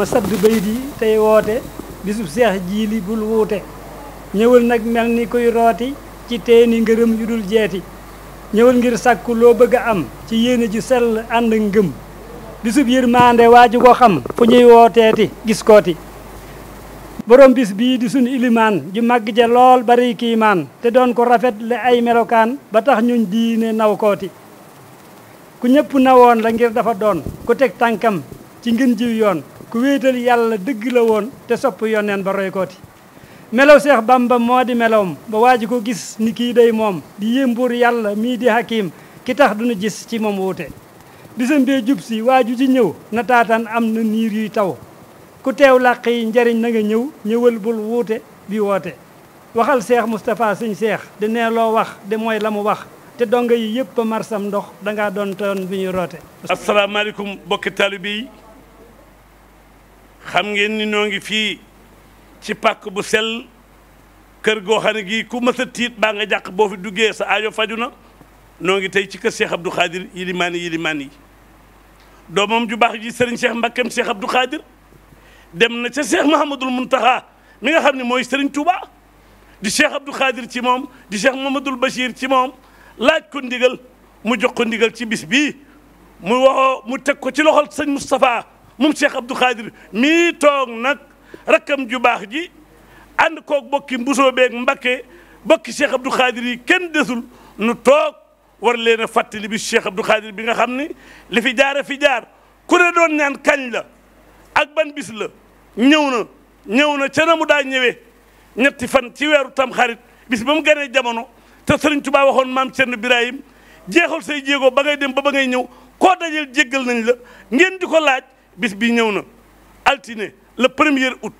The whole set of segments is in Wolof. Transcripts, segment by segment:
ma sadd bayit tey woote bisub seex jiili bul wuute ñëwal nag mel ni kuy rooti ci teeni ngërëm yu dul jeeti ñëwal ngir sàkku loo bëgg a am ci yéene ji sell ànd ngëm bisub yërmande waaju ko xam fu ñuy wooteeti gis kooti borom bis bii di sunu ilimaan ju màgg ja lool bari kiimaan te doon ko rafet le ay melokaan ba tax ñun diine naw kooti ku ñëpp nawoon la ngir dafa doon ku teg tànkam ci ngën jiw yoon ku wéetal yàlla dégg la woon te sopp yonneen ba roy kooti melaw seex bamba moo di melawam ba waa ji ko gis ni kii day moom di yëmbuur yàlla mii di hakim ki tax duñu gis ci moom wuute bisam bee jub si waa ju ci ñëw na taataan am na niir yuy taw ku teew làq yi njariñ na ñëw ñëwal bul wuute bi woote waxal seex moustapha suñ seex di nee loo wax di mooy la mu wax te donga yi yëpp a marsam ndox dangaa doon toon bi roote asalaamaaleykum bokki taalibe yi xam ngeen ni noo ngi fii ci pàkk bu sel kër goo xam ne gii ku mës a tiit baa nga jàkk boo fi duggee sa aajo faju na noo tey ci kër Cheikh Abdou Khadir yilimaan yi yilimaan yi doomam ju baax ji Serigne Cheikh Mbakkeem Cheikh Abdou Khadir dem na ca Cheikh Mouhamadul Mountakha mi nga xam ne mooy sëriñ Touba di Cheikh Abdou Khadir ci moom di Cheikh Mouhamadul Bachir ci moom laaj ko ndigal mu jox ko ndigal ci bis bii mu waxoo mu teg ko ci loxol sëñ Moustapha. moom Cheikh Abdou Khadir mii toog nag rakkam ju baax ji ànd koog bokki mbusoo beeg mbakke bokki Cheikh Abdou Khadir yi kenn desul nu toog war leen a fàttali bi Cheikh Abdou Khadir bi nga xam ni li fi jaar a fi jaar ku ne doon ñaan kañ la ak ban bis la ñëw na ñëw na ca na daa ñëwe ñetti fan ci weeru tam xarit bis ba mu ganee jamono te Serigne Touba waxoon maam Cerno Birahim jeexal say jéego ba ngay dem ba ba ngay ñëw koo dajeel jéggal nañ la ngeen di ko laaj. bis bi ñëw na altine le première août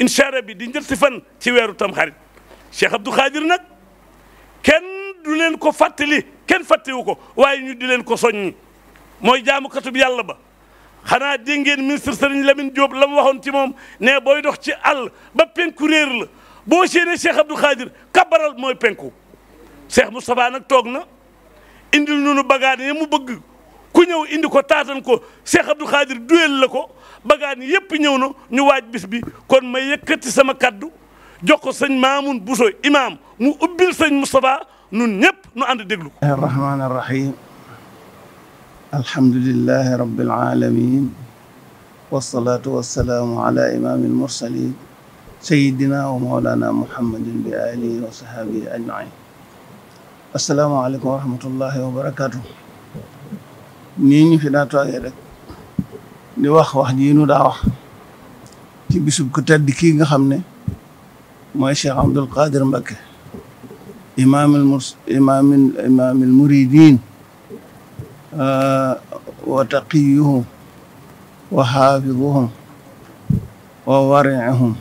incha allah bi di njëtti fan ci weeru tamxarit Cheikh Abdou Khadir nag kenn du leen ko fàttali kenn fàttewu ko waaye ñu di leen ko soññi mooy jaamukatub yàlla ba xanaa dégg ngeen ministre Serigne Lamine jóob la mu waxoon ci moom ne booy dox ci àll ba penku réer la boo séenee Cheikh Abdou Khadir kabaral mooy penku Cheikh Moustapha nag toog na indil nu nu bagaan ya mu bëgg. ku ñëw indi ko taatan ko Cheikh Abdou Khadir duyel la ko bagaan yépp ñëw na ñu waaj bis bi kon ma yëkkati sama kaddu jox ko sëñ Maamun Bousso imaam mu ubbil sëñ Moustapha nun ñëpp nu ànd déglu ko arrahman arrahim alhamdulilahi rabbil alamin wassalatu wassalaamu ala imaamil mursalin sayidina wa maulana muhammadin bi alihi wa sahaabihi ajmain assalaamu aleykum wa rahmatullahi wa barakatuh nii ñu fi daa toogee rek di wax wax ji nu daa wax ci bisub ku tedd kii nga xam ne mooy Cheikh Abdul Qadir Mbakke imaamil murs imaamil imaamil muridin uh, wa taqiyuhum wa xaafiduhum wa wariihum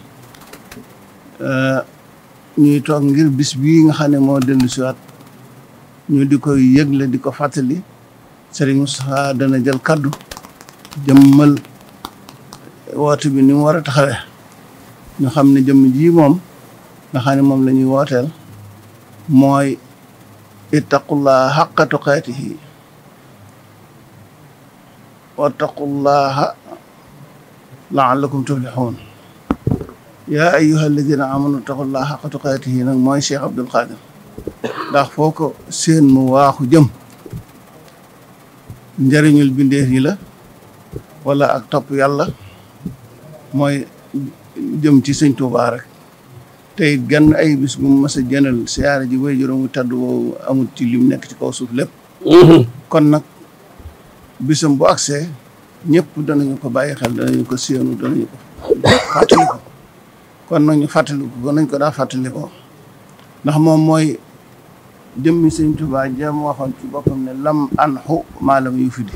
uh, ñuy toog ngir bis bii nga xam ne moo dellu siwaat ñu di koy yëgle di ko fàttali Serigne Moustapha dana jël kaddu jëmmal woote bi ni mu war a taxawee ñu xam ne jëmm ji moom nga xam ne moom la ñuy wooteel mooy ittaqullaha haqqa tuqaatihi wattaqullaha laallakum tuflixuun yaa ayyuha alladina amanu ittaqullaha haqqa tuqaatihi nag mooy Cheikh Abdul ndax foo ko seen mu waaxu jëm njëriñul bindeef yi la wala ak topp yàlla mooy jëm ci sëñ Tuubaa rek tey gan ay bis bu mas jënal siyaare ji way juróomu tàdd woowu amul ci lim nekk ci kaw suuf lépp mhm. kon nag bisam bu agsee ñëpp danañu ko bàyyi xel danañu ko séenu danañu ko fàttaliku kon nag ñu fàttaliku ko nañ ko daa fàttalikoo ndax moom mooy jëm sëñ Tuubaa jëm waxoon ci boppam ne lam an xu maalam yu fidi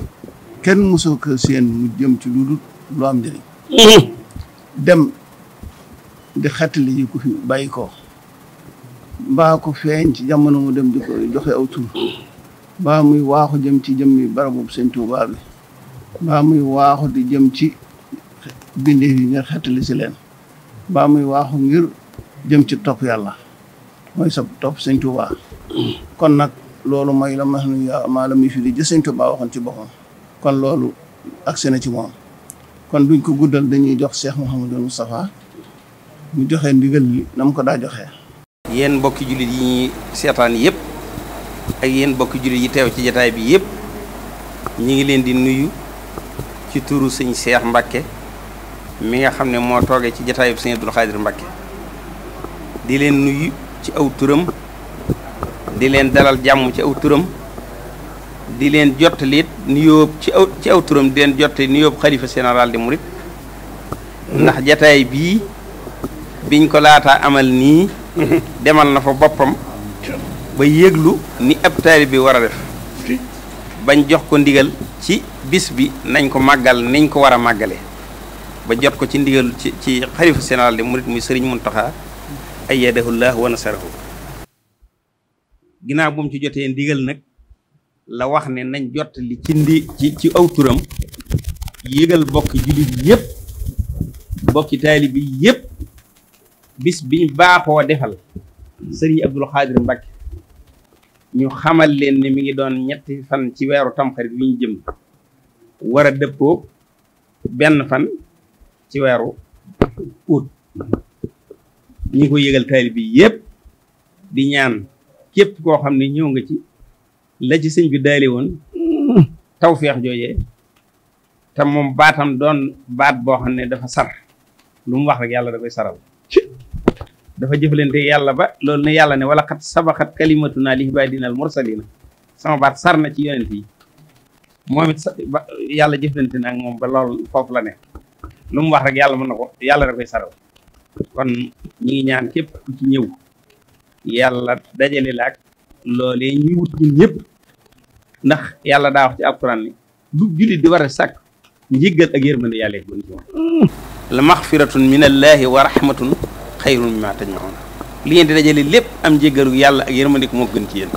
kenn mosoo ko seen mu jëm ci lu dul lu am njëriñ mhm. dem di xettali yi ku fi bàyyi ko mbaa ko feeñ ci jamono mu dem di ko joxe aw tur mbaa muy waaxu jëm ci jëm barabu sëñ Tuubaa bi mbaa muy waaxu di jëm ci bindee yi ngir xettali si leen mbaa muy waaxu ngir jëm ci topp yàlla mooy sa topp sëñ Tuubaa kon nag loolu mooy la ma maa la muy firi Sëñ Tuubaa waxoon ci boppam kon loolu agsi na ci moom kon duñ ko guddal dañuy jox Cheikh Mouhamadou Moustapha mu joxe ndigal li nam ko daa joxe yéen mbokki jullit yi ñuy seetaan yëpp ak yéen mbokki jullit yi teew ci jataay bi yëpp ñi ngi leen di nuyu ci turu sëñ Cheikh Mbacké mi nga xam ne moo toogee ci jataay bi sëñ Abdoul Khadir Mbacké di leen nuyu ci aw turam di leen dalal jàmm ci aw turam di leen jottali it ci aw turam di leen jottali nuyoo xalifa général di murit ndax jataay bii biñ ko laata amal nii demal na fa boppam ba yëglu ni ab taalibe bi war a def bañ jox ko ndigal ci bis bi nañ ko màggal nañ ko war a màggale ba jot ko ci ndigal ci ci xalifa général di murit muy sëriñ Muntaxa ayyadahu llah wa nasarahu ginaaw bu ci jotee ndigal nag la wax ne nañ jot li ci ndi ci aw turam yëgal bokki jullit yëpp bokki taalib yi yëpp bis biñ baaxoo defal sëriñ Abdul Xaadir Mbàkke ñu xamal leen ne mi ngi doon ñetti fan ci weeru tam bi ñu jëm war a dëppoo benn fan ci weeru ut ñi ko yëgal taalib yi di ñaan képp koo xam ne ñëw nga ci la ci sëñ bi daali woon tawféex jooje te moom baatam doon baat boo xam ne dafa sar lu mu wax rek yàlla da koy saral dafa jëflante yàlla ba loolu ne yàlla ne wala xat sabaxat kalimatuna li ibadina al mursalina sama baat sar na ci yonent yi moom it yàlla jëflante na moom ba loolu foofu ne lu mu wax rek yàlla mën na ko yàlla da koy saral kon ñi ngi ñaan képp ci ñëw yàlla dajale la ak loolee ñuy wut ndax yàlla daa wax ci alquran ni lu jullit di war a sàkk njëggal ak yërmande yàlla yi mën ci moom la maxfiratun min allahi wa rahmatun xayrun mimma dajale lépp am njëggalu yàlla ak yërmande ko moo gën ci yéen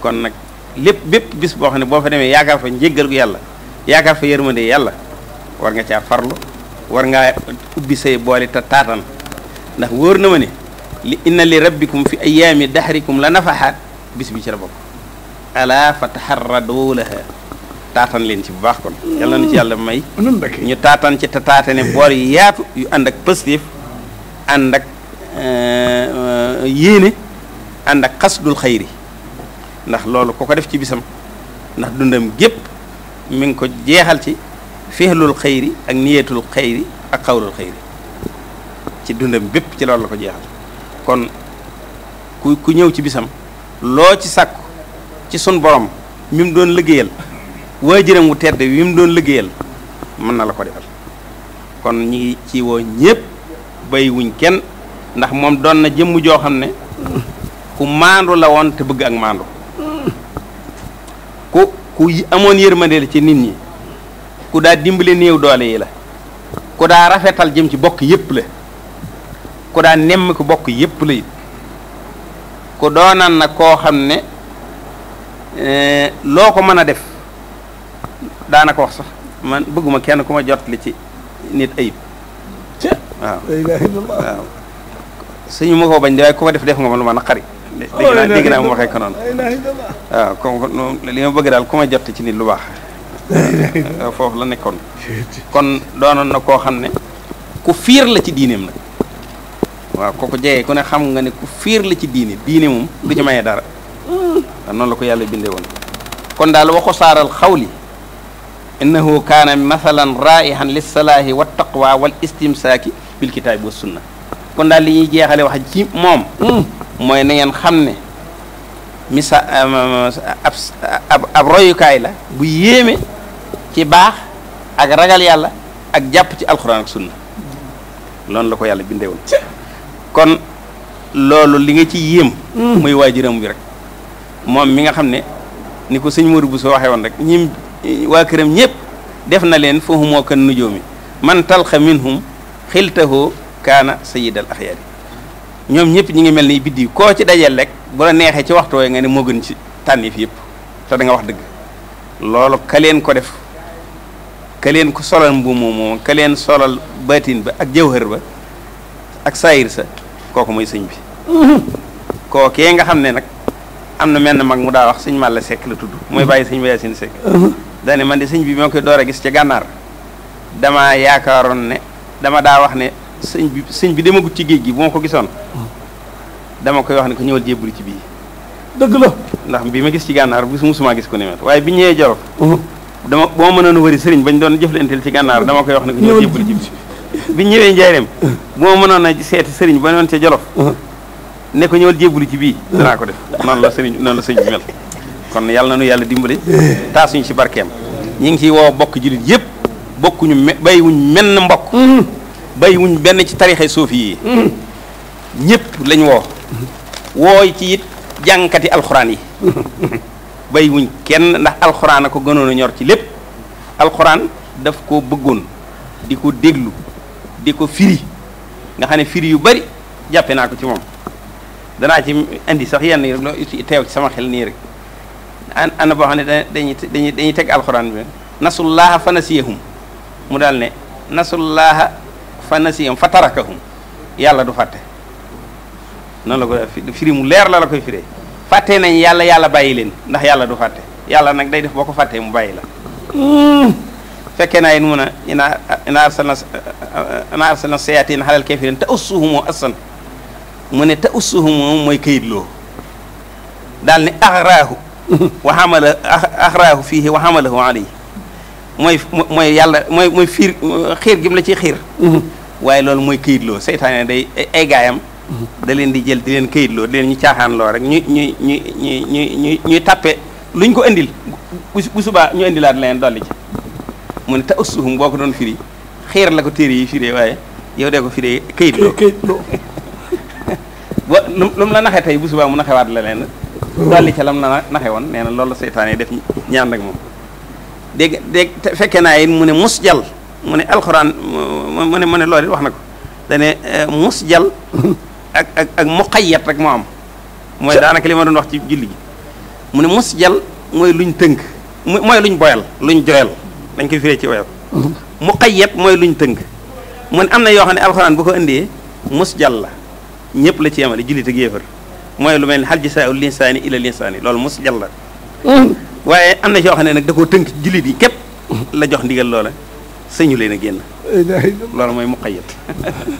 kon nag lépp bépp bis boo xam ne boo fa demee yaakaar fa njëggalu yàlla yaakaar fa yërmande yàlla war nga caa farlu war ngaa ubbi say boole te taatan ndax wóor na ma ne li inna li rabbikum fi ayaami dahrikum la nafaha bis bi ci la bokk ala fa taharradoo laha taatan leen ci bu baax kon yàlla na ci yàlla may ñu taatan ci te taatane boor yu yaatu yu ànd ak positif ànd ak euh, euh, yéene ànd ak xasdul xayri ndax loolu ko ko def ci bisam ndax dundam gépp mi ngi ko jeexal ci fihlul xayri ak niyetul xayri ak xawlul xayri ci dundam bépp ci loolu la ko jeexal kon ku ku ñëw ci bisam loo ci sàkku ci sun borom mi mu doon liggéeyal waajuram wu tedd wi mu doon liggéeyal mën na la ko defal kon ñi ngi ci woo ñépp bay wuñ kenn ndax moom doon na jëmm joo xam ne ku maandu la woon te bëgg ak maandu ku ku amoon yërmande la ci nit ñi ku daa dimbale néew doole yi la ku daa rafetal jëm ci bokk yépp la ko daan nemm ku bokk yépp la ko ku doonaan nag koo xam ne eh, loo ko mën a def daanaka wax sax man bëgguma kenn ku ma jot li ci nit ayib waaw waaw ma ko bañ de waaye ku def def nga ma lu ma naqari oh, li ma bëgg daal ku ma jot ci nit lu baax foofu la nekkoon kon doonoon na koo xam ne ku fiir la ci diineem nag waaw kooku jeyee ku ne xam nga ne ku fiir la ci diine diine moom du ci maye dara waaw mm. noonu la ko yàlla bindee woon kon daal waxu saaral xawli innahu kaana mathalan raihan lissalaahi wa taqwa wal istimsaaki bil kitaabi wa sunna kon daal li ñuy jeexale wax ci moom mm. mooy na ngeen xam ne misa ab ab royukaay la bu yéeme ci baax ak ragal yàlla ak jàpp ci alxuraan ak sunna loolu la ko yàlla bindee kon loolu li nga ci yéem. mooy mm. waajuram bi rek moom mi nga xam ne ni ko sëñ Modou Bousso waxee woon rek ñim waa këram ñëpp def na leen foofu moo kan nujoo mi man talxa minhum xiltahoo kaana sayidal axyaari ñoom ñëpp ñi ngi mel ni biddi koo ci dajeel rek bu la neexee ci waxtu nga ne moo gën ci tànneef yëpp te danga wax dëgg loolu ka ko def ka ko solal mbuum moom ka solal baatin ba ak jawhar ba ak saayir kooku mooy sëñ bi kookee nga xam ne nag am na menn mag mu daa wax sëñ la Seck la tudd mooy bàyyi sëñ Baye Sine Seck dane man de sëñ bi moo koy door a gis ca gànnaar dama yaakaaroon ne dama daa wax ne sëñ bi sëñ bi demagut ci géej gi bu ko gisoon dama koy wax ne ko ñëwal jébbali ci bii dëgg la ndax bi ma gis ci gànnaar bis musuma gis ko ni mel waaye bi ñëwee Jolof dama boo mënoon a wëri sëriñ bañ doon jëflanteel ci gànnaar dama koy wax ne ko ñëwal jébbali ci bii bi ñëwee Njaaréem moo mënoon a seeti sëriñ ba noon ca Jolof ne ko ñëwal jébbalu ci bii naa ko def noonu la sëriñ noon la sëriñ bi mel kon yàlla nu yàlla dimbali taasuñu ci barkeem ñi ngi ciy woo bokk jullit yëpp bokkuñu me bàyyiwuñ menn mbokk bàyyiwuñ benn ci tarixe suufi yi ñëpp lañ woo wooy ci it jànkati alxuraan yi bàyyiwuñ kenn ndax alxuraan a ko gënoon a ñor ci lépp alxuraan daf ko bëggoon di ko déglu di ko firi nga xam ne firi yu bari jàppe naa ko ci moom danaa ci indi sax yenn yi rek loo teew sama xel nii rek ana boo xam ne dañuy dañuy dañuy teg alxuraan bi nasullaaha fa nasiyahum mu daal ne nasullaaha fa nasiyahum fa tarakahum yàlla du fàtte na la ko firi mu leer la la koy firee fàtte nañ yàlla yàlla bàyyi leen ndax yàlla du fàtte yàlla nag day def boo ko fàttee mu bàyyi la فكنا ينون إن إن أرسلنا إن أرسلنا الشياطين على الكافرين تأسهم أصلا من تأسهم موي كيدلو daal ni axraahu wa xamala axraahu fiihi wa xamalahu alayhi mooy mooy yàlla mooy mooy fiir xiir gi la ci xiir waaye loolu mooy këyitloo seytaane day ay gaayam da leen di jël di leen këyitloo di leen ñu caaxaan loo rek ñu ñu ñu ñu ñu ñuy tàppe luñ ko indil bu subaa ñu indilaat leen dolli ci mu ne ta ussuhum boo ko doon firi xeer la ko téere yi firee waaye yow dee ko firee kayit loo kayit loo lu mu la naxee tey bu subaa mu naxewaat la leen hmm. dolli ca la naxe woon nee na loolu la seytaane def ñaan ak moom dégg fekkee naa yit mu ne mus jal mu ne alxuraan mu ne mu ne loolu wax na ko dane eh, mus jal ak ak ak rek moo am mooy daanaka li ma doon wax ci julli gi mu ne mus jal mooy luñ tënk mooy luñ boyal luñ joyal dañ koy firee ci woyof mhm. muqayyad mooy luñ tënk mu ne am na yoo xam ne alxuraan bu ko indee mus jàll la ñëpp la ci yemale jullit ak yéefar mooy lu mel ni xal jisaa'ul linsaani ila linsaani loolu mus jàll la mhm. waaye am na yoo xam ne nag da koo tënk jullit yi képp mhm. la jox ndigal loola sëñu leen a génn loolu mooy muqayyad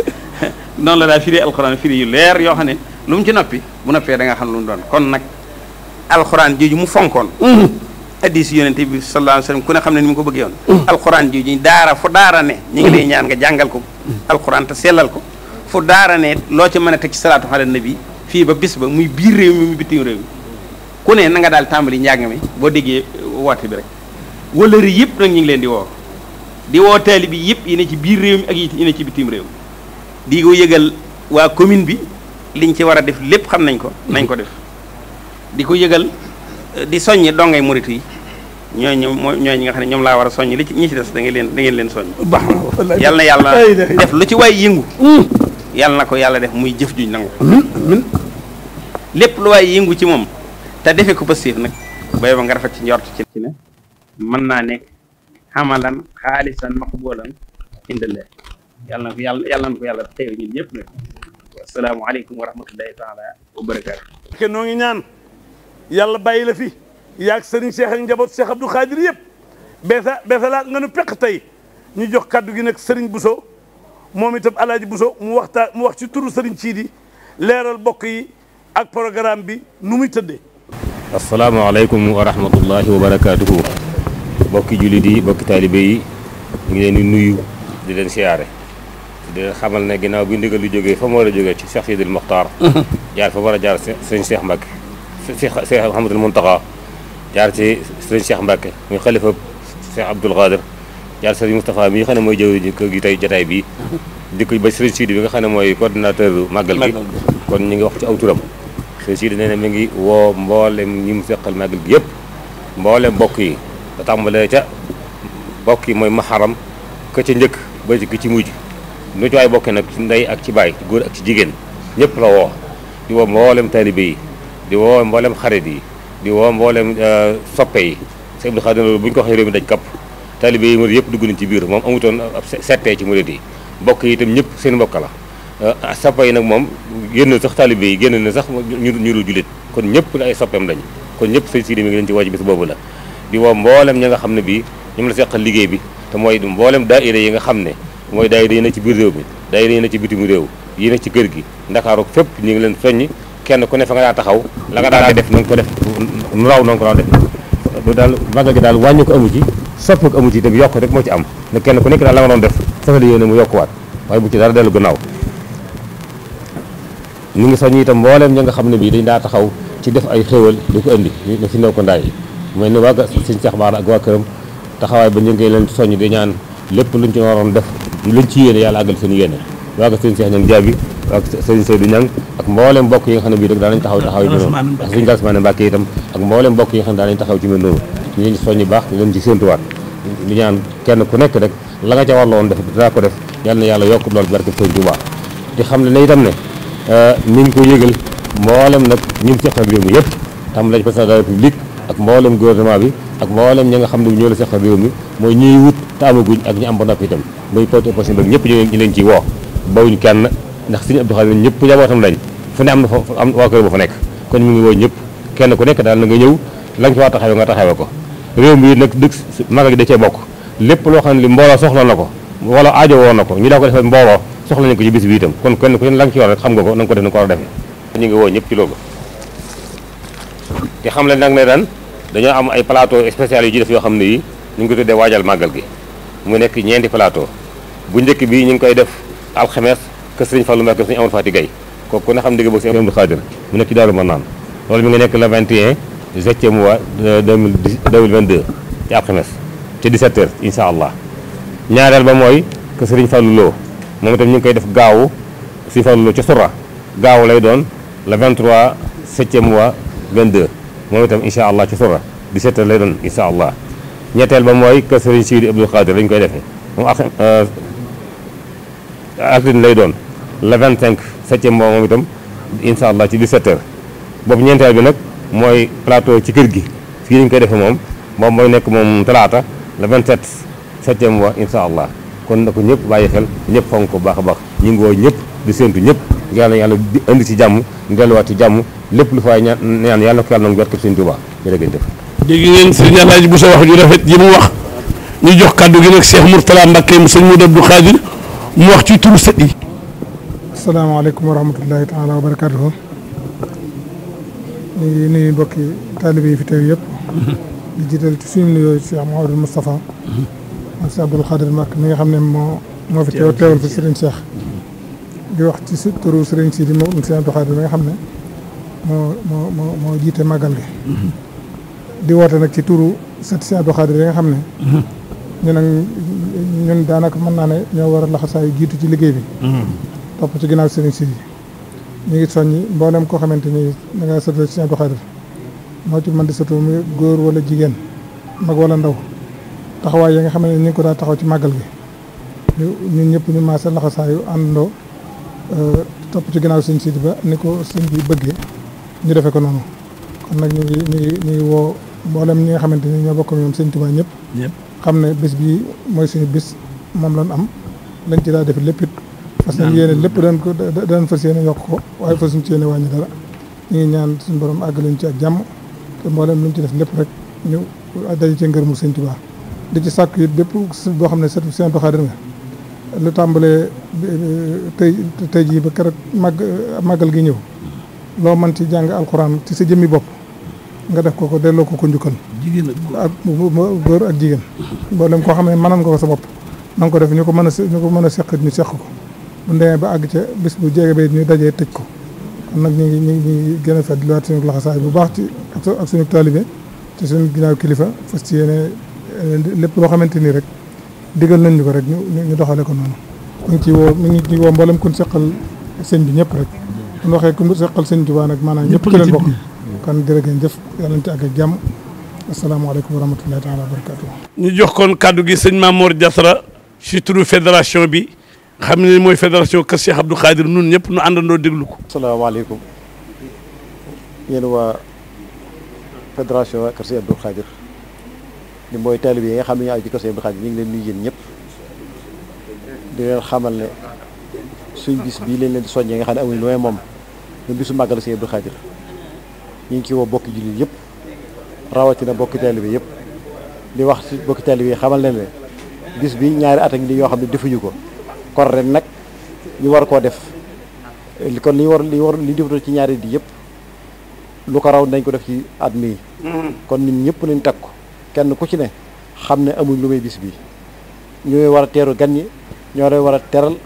noon la daa firi alxuraan firi yu leer yoo xam ne lu mu ci noppi bu noppee da xam lu mu doon kon nag alxuraan jooju mu fonkoon addis yonent bi sallallahu alayhi ku ne xam ne ni mu ko bëggee woon alxuraan ji ñu daara fu daara ne ñu ngi lay ñaan nga jàngal ko alxuraan te sellal ko fu daara ne loo ci mën a teg ci salaatu ala bi fii ba bis ba muy biir réew mi muy bitim réew mi ku ne na nga daal tàmbali njàng mi boo diggee woote bi rek wëlëri yëpp nag ñu ngi leen di woo di woo taalibe bi yëpp yi ne ci biir réew mi ak yi ne ci bitim réew mi di ko yëgal waa commune bi liñ ci war a def lépp xam nañ ko nañ ko def di ko yëgal di soññi dongay murit ñooñu mooy ñooñu nga xam ne ñoom laa war a soññ li ci ñi ci des da ngeen leen da ngeen leen soññ. baax na yal na yàlla def lu ci waay yëngu. Mm. yal na ko yàlla def muy jëf juñ nangu. amiin amiin lépp lu waay yëngu ci moom te defe ko positif nag bay ba nga rafet ci njort ci ne mën naa nekk xamalan xaalisan maqbulan indallah yàlla na ko yàlla yàlla na ko yàlla teew ñun ñëpp nag asalaamaaleykum wa rahmatullahi taala wa barakaatu. noo ngi ñaan yàlla bàyyi la fi. yaag Serigne Cheikh ak njabootu Cheikh Abdou Khadir yëpp beesa beesalaat nga nu peq tey ñu jox kaddu gi nag Serigne Bousso moom itam Alaaji Bousso mu waxtaa mu wax ci turu Serigne Siidi leeral bokk yi ak programme bi nu muy tëddee. asalaamaaleykum wa rahmatullahi wa barakaatuhu. bokki jullit yi bokki taalibe yi ñu ngi leen di nuyu di leen siyaare di leen xamal ne ginnaaw bi ndigal lu jógee fa mu war a jógee ci Cheikh Sidil Mokhtar. jaar fa war a jaar sëñ Cheikh Mbacke Cheikh Cheikh jaar ci sëriñ Cheikh Mbacke muy xalifa Cheikh Abdoul Khadir jaar sëriñ Moustapha bi nga xam ne mooy jëw kër gi tey jotaay bii di ko ba sëriñ Sidi bi nga xam ne mooy coordonnateur màggal bi kon ñu ngi wax ci aw turam sëriñ Sidi nee na mi ngi woo mboolem ñi mu seqal màggal gi yëpp mboolem bokk yi da tàmbalee ca bokk yi mooy maxaram ka ca njëkk ba ci ci mujj nu ci waay bokkee nag ci ndey ak ci baay ci góor ak ci jigéen ñëpp la woo di woo mboolem taalibe yi di woo mboolem xarit yi di woo mboolem euh, soppe yi sëñ Abdou Khadre bu ñu ko waxee réew mi daj kapp taalibe yi murid yëpp dugg nañ ci biir moom amutoon ab settee ci murid yi mbokk itam ñëpp seen mbokk la euh, ah, soppe nag moom génn sax taalibe yi génn na sax ñu ñu dul jullit kon ñëpp ay soppeem lañ kon ñëpp sëñ Sidi mi ngi ci woo ci bis boobu la di woo mboolem ña nga xam ne bii ñoom la seqal liggéey bi te mooy daa daayira yi nga xam ne mooy daayira yi ci biir réew mi daayira yi na ci bitimu réew yi na ci kër gi ndakaaru fépp ñu ngi leen soññ kenn ku ne fa nga daa taxaw la nga daa def na ko def nu raw noonu ko raw def du daal màggal gi daal wàññi ko amu ci soppi amu ci dëgg yokk rek moo ci am ne kenn ku nekk daal la nga doon def safa li yéene mu waat waaye bu ci dara dellu gannaaw ñu ngi soññi itam mbooleem ña nga xam ne bii dañ daa taxaw ci def ay xéwal di ko indi ñu fi new ko ndaay yi mooy ne waa sëñ Cheikh Bara ak waa këram taxawaay ba ñu ngi leen soññ di ñaan lépp luñ ci waroon def luñ ci yéene yàlla àggal seen yéene waa sëñ Cheikh ña ak sëriñ Seydou Niang ak mboolem mbokk yi nga xam ne bii rek daanañ taxaw taxaw yi noonu ak sëriñ Gassama Mbàkke itam ak mboolem mbokk yi nga xam ne daanañ taxaw ci mel noonu ñaan kenn ku nekk rek la nga ca warloon def dinaa ko def yal yàlla yokk loolu barke sëriñ Tuubaa di xam ne ne itam ne ni euh, ngi ko yëgal mboolem nag ñun seqal réew mi yëpp tam lañ président de la république ak mboolem gouvernement bi ak mboolem ñi nga xam ne ñoo la seqal réew mi mooy ñuy wut taamaguñ ak ñu am ba noppi itam muy porte opposition bi ñëpp ñu leen ciy woo bawuñ kenn ndax sëriñ Abdou ñëpp njabootam am na fa am waa kër ba nekk kon mu ngi woo ñëpp kenn ku nekk daal na nga ñëw la nga ci war a taxawee nga ko réew mi nag dëkk magal gi cee bokk lépp loo xam ne li mbooloo soxla na ko wala aajo woon na ko ñu daa ko defee mbooloo ko ci bis bi itam kon kenn ko na nga ko def na ko war a defee ñu ngi woo ñëpp ci loolu te xam leen nag ne daan dañoo am ay plateau spécial yu ci def yoo xam ne yi ñu ngi ko tuddee waajal màggal gi mu nekk ñeenti plateau bu njëkk bi ñu ngi koy def alxames kër Serigne Fallou Mbacke Serigne Amadou Fati Gaye kooku ku ne xam ne digg boog Serigne Abdou Khadir mu nekk ci Daaru Manaan loolu mi nga nekk le 21 septième mois 2022 ci alxames ci 17 heures incha ñaareel ba mooy kër Serigne Fallou Lo moom itam ñu koy def gaawu Serigne Fallou Lo ci sura gaawu lay doon le 23 septième mois 22 moom itam incha allah ci sura 17 heures lay doon incha allah ñetteel ba mooy kër Serigne Sidi Abdou Khadir lañ koy defe moom ak euh, ak lay doon la le 25 septième boobu moom itam incha allah ci 17h boobu ñeenteel bi nag mooy plateau ci kër gi fii lañ koy defee moom moom mooy nekk moom talaata le 27 septième waa incha allah kon na ko ñëpp bàyyi xel ñëpp fonk ko baax baax ñu ngi woo ñëpp di séntu ñëpp yàlla yàlla di indi ci jàmm delluwaat ci jàmm lépp lu fay ñaan ñaan yàlla ko yàlla nangu jot ko Sëriñ Tuubaa jërëjëf. dégg ngeen sëriñ yi mu ñu jox kàddu gi nag Cheikh Mourtala Mbacke mu sëñ Modou Abdou Khadir mu wax ci turu sët yi asalaamaaleykum wa rahmatullahi taala wa barakatuhu ñu ngi nuyu mbokki fi teew yëpp di jiital ci suñu nuyoo Cheikh Mouhamadou Moustapha ak Cheikh mi nga xam ne moo moo fi teew teewal fi Serigne Cheikh di wax ci su turu Serigne Sidi moom Cheikh Abdoul Khadir mi nga xam ne moo moo moo jiite màggal gi di woote nag ci turu sët Cheikh Abdoul Khadir xam ne ñu nag ñun daanaka mën naa ne ñoo war a laxasaayu jiitu ci liggéey bi topp ci ginnaaw sëriñ si ñu ngi soññi mboolem koo xamante ni da ngaa sëtoo ci Sëriñ Abdou moo ci mën di sëtoo góor wala jigéen mag wala ndaw taxawaay yi nga xam ne ñu ngi ko daa taxaw ci màggal gi ñun ñëpp ñu maase laxasaayu àndandoo euh, topp ci ginnaaw sëriñ Sidi ba ni ko sëriñ bi bëggee ñu defee ko noonu nag ñu ngi ñu ngi ñu ngi mboolem ñi nga xamante ni ñoo bokk ñoom sëriñ Tuubaa ñëpp xam ne bis bi mooy suñu bis moom loonu am lañ ci daa def lépp it fas nañ yéene lépp daan ko daan fas yéene yokk ko waaye fasuñ ci yéene wàññi dara ñu ngi ñaan suñu borom àgg lañ ci ak jàmm te mboolem lu ci def lépp rek ñu daje ci ngërëmu sëñ Tuubaa ci sàkk it bépp boo xam ne sëtu sëñ Abdou Khadre nga lu tàmbalee eh, tey tey jii ba keroog màgg eh, màggal gi ñëw loo mën ci jàng alxuraan ci sa jëmmi bopp nga def ko ko delloo ko ko njukkal ak góor ak jigéen mboolem koo xam ne mënoon nga ko sa bopp na nga ko def ñu ko mën a ñu ko mën a seq ñu seq ko bu demee ba àgg ca bis bu jege bee ñu dajee tëj ko kon nag ñu ngi ñu ngi gën a fedd luwaat suñu laxasaay bu baax ci ak suñu taalibe te suñu dinaa kilifa fas ci yéene eh, lépp loo xamante ni rek digal nañ ñu ko rek ñu ñu doxale ko noonu. mu ngi ciy woo mu ngi ciy woo mboolem seqal sëñ bi ñëpp rek bu ñu waxee kun seqal sëñ Tuubaa nag maanaam ñëpp ci leen bokk kon jërëjëf yàlla nañ ci àgg ak jàmm asalaamaaleykum wa rahmatullahi taala wa barakatuh ñu jox kon kàddu gi sëñ Mamour Diasra ci turu fédération bi. xam ne mooy fédération Kër Cheikh Abdou Khadir nun ñëpp nu àndandoo déglu ko. asalaamaaleykum yéen waa fédération Kër Cheikh Abdou Khadir di mooy taalibe nga xam ne ñu aju ci Kër Cheikh ñu ngi leen nuyu yéen ñëpp xamal ne suñ bis bii leen leen di soññee nga xam ne amuñu lu may moom ñu bisu màggal Cheikh Abdou Khadir ñu ngi ci woo bokki jullit yëpp rawatina bokki taalibe yëpp di wax si bokki taalibe yi xamal leen ne gis bi ñaari at ak yoo xam ne defuñu ko. kon ren nag ñu war koo def eh, kon li war li war li ñu def ci ñaari di yëpp lu ko raw dañ ko def ci at mii mm-hmm. kon nit ñëpp nañ ko kenn ku ci ne xam ne amuñ lu may bis bi ñooy war a teeru gan ñi ñoo lay war a teral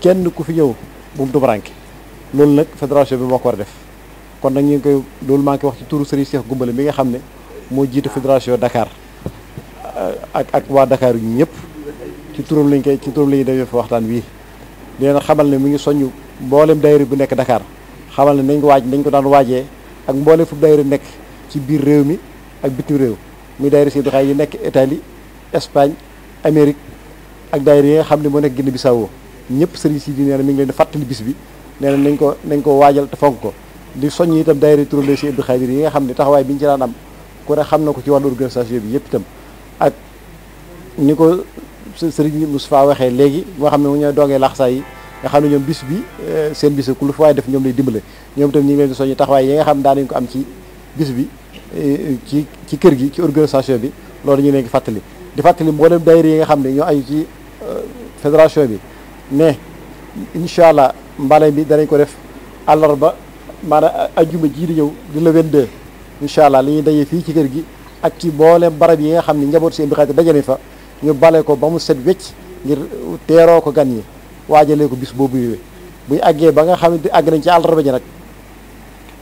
kenn ku fi ñëw bu mu tumuranke loolu nag fédération bi moo ko war a def kon nag ñu ngi koy loolu maa ngi koy wax ci turu Serigne Cheikh Goumbale mi nga xam ne moo jiite fédération Dakar eh, ak waa Dakar yu ñëpp ci turam lañ koy ci turam la ñuy defee fa waxtaan wii dina xamal ne mi ngi soññ mboolem daayira bu nekk Dakar xamal ne nañ ko waaj nañ ko daan waajee ak mboolem fu daayira nekk ci biir réew mi ak bitim réew muy daayira si doxaay yi nekk Italie Espagne Amérique ak daayira yi nga xam ne moo nekk Guinée Bissau ñëpp sëriñ si di nee mi ngi leen di fàttali bis bi nee na nañ ko nañ ko waajal te fonk ko di soññ itam daayira turam la si Abdou Khadir yi nga xam ne taxawaay bi ñu ci daan am ku ne xam na ko ci wàllu organisation bi yëpp itam ak ni ko sëriñ Moustapha waxee léegi moo xam ne mu ñooy doongee laxsaa yi nga xam ne ñoom bis bi euh, seen bis ku lu fa waaye def ñoom lay dimbale ñoom itam ñu ngi leen di soññi taxawaay yi nga xam daanañ ko am ci bis bi euh, ci ci kër gi ci organisation bi loolu ñu leen di fàttali fàttali mboolem daayira yi nga xam ne ñoo aju euh, bi ne incha allah mbalay bi danañ ko def àllarba maanaam ajjuma ji di ñëw di le 22 incha allah li ñuy dajee fii ci kër gi ak ci mboolem barab yi nga xam ne njaboot si bi xarit daje nañ fa ñu bale ko ba mu set wecc ngir teeroo ko gan yi waajale ko bis boobu yowee buñ àggee ba nga xam ne àgg nañ ci àllarba ji rek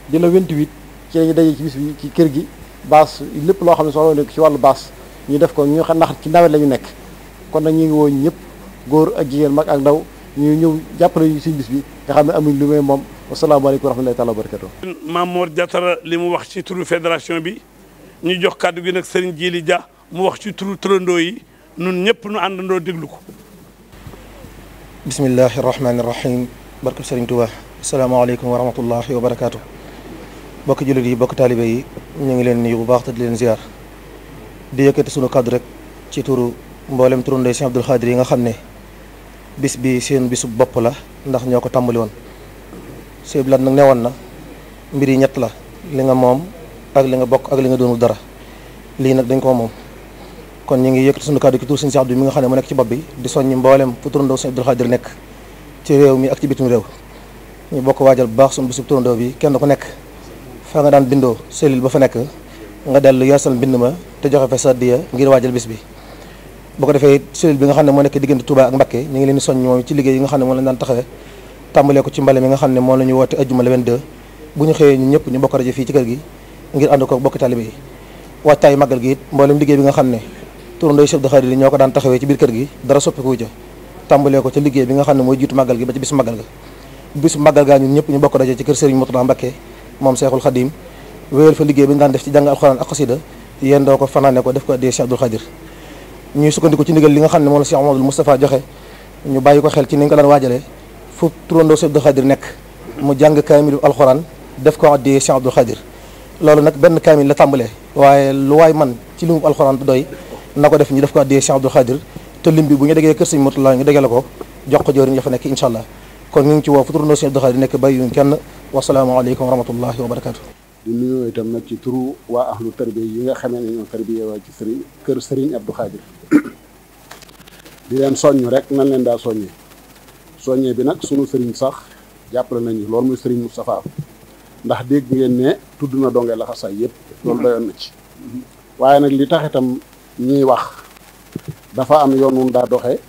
di la 28 ci lañu daje ci bis bi ci kër gi baas lépp loo xam ne nekk ci wàllu baas ñu def ko ñu xam ndax ci nawet la ñu nekk kon nag ñu ngi woon ñëpp góor ak jigéen mag ak ndaw ñu ñëw jàppale ñu suñ bis bi nga xam ne amuñ lu may moom wasalaamaaleykum wa rahmatullahi taala wa barakatu Maam Mor Diatara li mu wax ci turu fédération bi ñu jox kàddu gi nag Serigne Djili Dia mu wax ci turu turandoo yi nun ñëpp nu àndandoo déglu ko bismillahi rahmaani rahim barkab sëriñ Tuubaa asalaamaaleykum wa rahmatullahi wa barakaatu bokki jullit yi bokk yi ñu ngi leen nuyu bu baax te leen ziar di yëkkati sunu kàddu rek ci turu mboolem turu ndey Sëriñ yi nga xam ne bis bi seen bisu bopp la ndax ñoo ko tàmbali woon sëñ Blanc nag newoon na mbir yi ñett la li nga moom ak li nga bokk ak li nga doonul dara lii nag dañ koo moom kon ñu ngi yëkkati nga xam ne mu nekk ci bopp bi di soññi mboolem fu turandoo sëñ Abdou Khadir nekk ci réew mi ak ci bitim réew ñu bokk waajal bu baax sunu bisub turandoo bi kenn ku nekk fa nga daan bindoo cellule ba fa nekk nga dellu yeesal mbind ma te joxe fa sàddiya ngir waajal bis bi bu ko defee cellule bi nga xam ne moo nekk diggante Touba ak Mbacké ñu ngi leen di moom ci liggéey yi nga xam ne moom lañ daan taxawee tàmbalee ko ci mbale mi nga xam ne moom la ñu woote ajjuma le 22 bu ñu xëyee ñu ñëpp ñu bokk rajo fii bi nga xam turandooy chef de xarit yi ñoo ko daan taxawee ci biir kër gi dara soppiku ca tàmbalee ko ca liggéey bi nga xam ne mooy jiitu màggal gi ba ci bisu màggal ga bisu màggal gaa ñun ñëpp ñu bokk daje ci kër Serigne Moutalla Mbacké moom Seexul Xadim wéyal fa liggéey bi ñu daan def ci jàng alxuraan ko fanaane ko def ñuy sukkandiku ci ndigal li nga xam ne moom la Cheikh Amadou Moustapha joxe ñu bàyyi ko xel ci ni ñu ko daan waajalee fu turandoo Cheikh Abdoul Khadir nekk mu jàng kaamilu alxuraan def ko addee Cheikh Abdoul Khadir loolu nag benn kaamil la tàmbalee waaye lu waay man ci limu alxuraan doy na ko def ñu def ko addiyee Cheikh Abdou Khadir te lim bi bu ñu degee kër sëñ Murtala ñu degale ko jox ko jëwriñ ya fa nekk incha allah kon ñu ngi ci woo fu turandoo Cheikh Abdou yi nga xamee ne ñoo tarbiya waa ci sëriñ kër sëriñ Abdou Khadir di leen soññ rek nan leen daa soññee soññee bi nag sunu sëriñ sax jàppale nañu loolu muy sëriñ Moustapha ndax dégg ngeen ne tudd na donge laxasaay yëpp loolu doyoon na ci mm-hmm. waaye nag li tax itam ñuy wax dafa am yoon moom daa doxe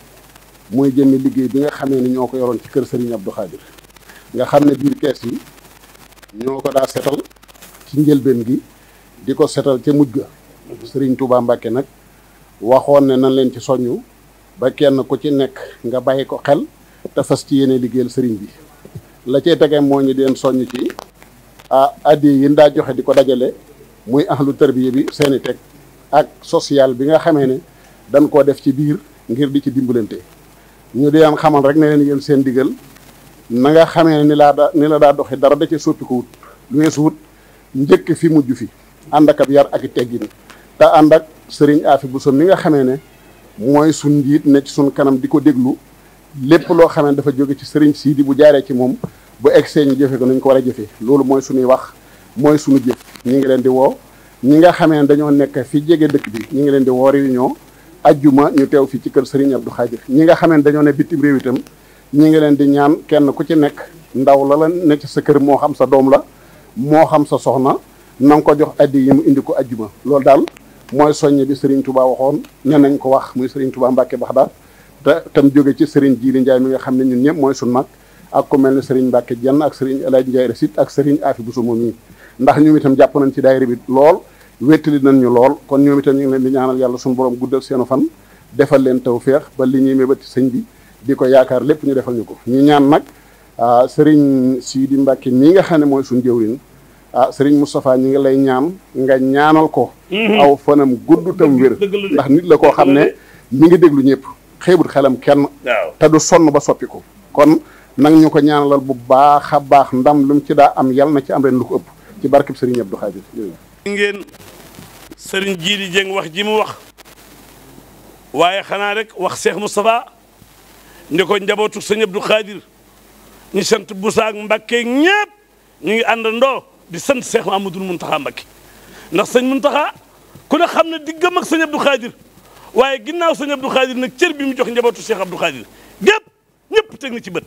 mooy jënd liggéey bi nga xamee ni ñoo ko yoroon ci kër Serigne Abdou Khadir nga xam ne biir kees yi ñoo ko daa setal ci njëlbeen gi di ko setal ci mujj ga Serigne Touba Mbacke nag waxoon ne na leen ci soññu ba kenn ku ci nekk nga bàyyi ko xel te fas ci yéene liggéeyal sëriñ bi la cay tege moo ñu deen soññ ci ah addi yi daa joxe di ko dajale muy ahlu tarbiya bi seeni teg ak sociale bi nga xamee ne dañ koo def ci biir ngir di ci dimbalante ñu di leen xamal rek ne leen yéen seen digal na nga xamee ni laa da ni la daa doxee dara da ca soppi ko wut lu weesu wut njëkk fi mujj fi ànd ak ab yar ak i teggin te ànd ak sëriñ bu so mi nga xamee ne mooy suñ njiit ne ci kanam di ko déglu lépp loo xam ne dafa jóge ci sëriñ Sidi bu jaaree ci moom bu egg see ñu jëfe ko nañ ko war a jëfee loolu mooy suñuy wax mooy suñu jëf ñu ngi leen di woo ñi nga xamee ne dañoo nekk fi jege dëkk bi ñu ngi leen di woo réunion ajjuma ñu teew fii ci kër Serigne Abdou Khadir ñi nga xamee ne dañoo ne bitim réew itam ñi ngi leen di ñaan kenn ku ci nekk ndaw la la ne ci sa kër moo xam sa doom la moo xam sa soxna na nga ko jox addi yi indi ko ajjuma loolu daal mooy soññ bi Serigne Touba waxoon ne nañ ko wax muy Serigne Touba Mbacke Baxdaad te tam jóge ci Serigne Jili Ndiaye mi nga xam ne ñun ñëpp mooy suñ mag ak ko mel ne Serigne Mbacke Jenn ak Serigne El Hadj Ndiaye Rasit ak Serigne Afi Bousso moom yi ndax ñu itam jàpp nañ ci daayira bi lool wéttali nañ ñu lool kon ñoom itam ñu ngi leen di ñaanal yàlla suñu borom guddal seenu fan defal leen tawféex ba li ñuy mébati sëñ bi di ko yaakaar lépp ñu defal ñu ko ñu ñaan nag ah, sëriñ Sidi Mbacke mii nga xam ne mooy suñu jëwriñ ah sëriñ Moustapha ñi ngi lay ñaan nga ñaanal ko. Mhm. aw fanam gudd tam wér. ndax nit la koo xam ne mi ngi déglu ñëpp xeebut xelam kenn. te du sonn ba soppi ko. kon nag ñu ko ñaanalal bu baax a baax ndam lu ci daa am yal na ci am ren lu ko ëpp ci barkeb sëriñ Abdou Khadir ngeen sëriñ Jiili Jeng wax ji mu wax waaye xanaa rek wax Cheikh Moustapha ne ko njabootu sëñ Abdou Khadir ñu sant Boussa ak Mbakke ñëpp ñu ngi àndandoo di sant Cheikh Mamadou Mountakha Mbakke ndax sëñ Mountakha ku ne xam ne diggam ak sëñ Abdou Khadir waaye ginnaaw sëñ Abdou Khadir nag cër bi mu jox njabootu Cheikh Abdou Khadir gépp ñëpp teg na ci bët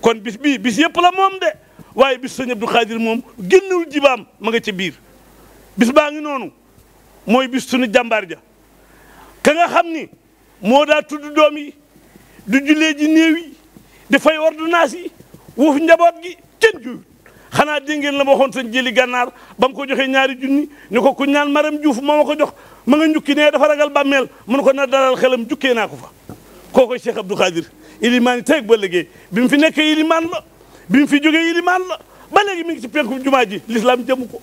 kon bis bii bis yëpp la moom de waaye bis sëñ Abdou Khadir moom génnul jibaam ma nga ca biir bis baa ngi noonu mooy bis sunu jàmbaar ja ka nga xam ni moo daa tudd doom yi du jullee ji néew yi dafay ordonnance yi wuuf njaboot gi kenn ju xanaa dégg ngeen la ma waxoon sëñ jëli gànnaar ba ko joxee ñaari junni ñu ko ku ñaan maram juuf moo ma ko jox ma nga njukki ne dafa ragal bàmmeel mun ko na dalal xelam jukkee naa ko fa kookoy Cheikh Abdou Khadir ilimaan yi tey ba léegi bi mu fi nekkee ilimaan la bi mu fi jógee ilimaan la ba léegi mi ngi ci penku jumaa ji l'islam jëmu ko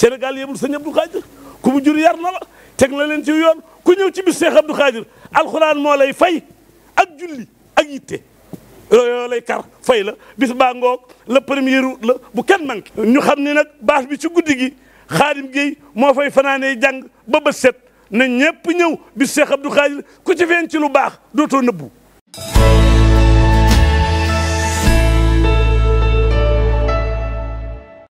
Sénégal yebul sëñ Abdou Khadir ku mu jur yar na la teg na leen ci yoon ku ñëw ci bis Cheikh Abdou Khadir alxuraan moo lay fay ak julli ak yitte yooyu lay kar fay la bis baa ngoog la premier la bu kenn manqué. ñu xam ni nag bâche bi ci guddi gi Xaadim Géey moo fay fanaanee jàng ba ba set na ñëpp ñëw bis Cheikh Abdou Khadir ku ci feeñ ci lu baax dootoo nëbbu.